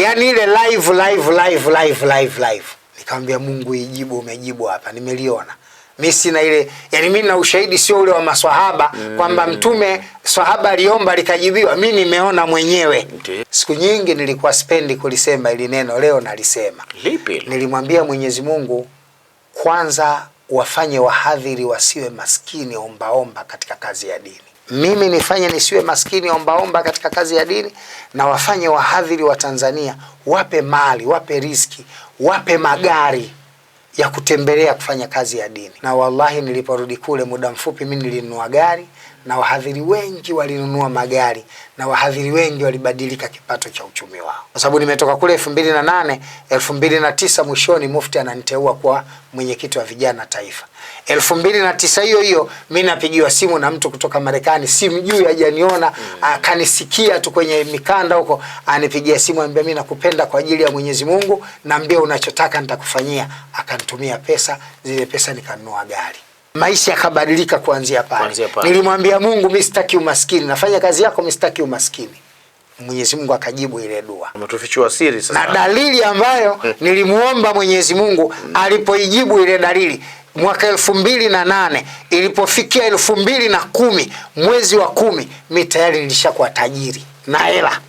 yani ile live live live live live live. Nikamwambia Mungu, ijibu umejibu hapa, nimeliona mi sina ile yani, mi na ushahidi sio ule wa maswahaba mm, kwamba mtume swahaba aliomba likajibiwa. Mi nimeona mwenyewe. Ndi. siku nyingi nilikuwa spendi kulisema ili neno, leo nalisema. Lipi? Nilimwambia Mwenyezi Mungu kwanza wafanye wahadhiri wasiwe maskini ombaomba katika kazi ya dini mimi nifanye nisiwe maskini ombaomba katika kazi ya dini, na wafanye wahadhiri wa Tanzania, wape mali, wape riski, wape magari ya kutembelea kufanya kazi ya dini, na wallahi, niliporudi kule muda mfupi, mimi nilinunua gari na wahadhiri wengi walinunua magari na wahadhiri wengi walibadilika kipato cha uchumi wao, kwa sababu nimetoka kule elfu mbili na nane elfu mbili na tisa mwishoni, mufti ananiteua kuwa mwenyekiti wa vijana taifa. elfu mbili na tisa hiyo hiyo mi napigiwa simu na mtu kutoka Marekani, simjui, hajaniona mm. akanisikia tu kwenye mikanda huko, anipigia simu, anambia mi nakupenda kwa ajili ya Mwenyezi Mungu, naambia unachotaka nitakufanyia akan kutumia pesa, zile pesa nikanunua gari. Maisha yakabadilika kuanzia pale. Nilimwambia Mungu, mimi sitaki umaskini, nafanya kazi yako, mimi sitaki umaskini. Mwenyezi Mungu akajibu ile dua, umetufichua siri sasa. Na dalili ambayo nilimuomba Mwenyezi Mungu alipoijibu ile dalili mwaka elfu mbili na nane ilipofikia elfu mbili na kumi mwezi wa kumi mi tayari nilishakuwa tajiri na hela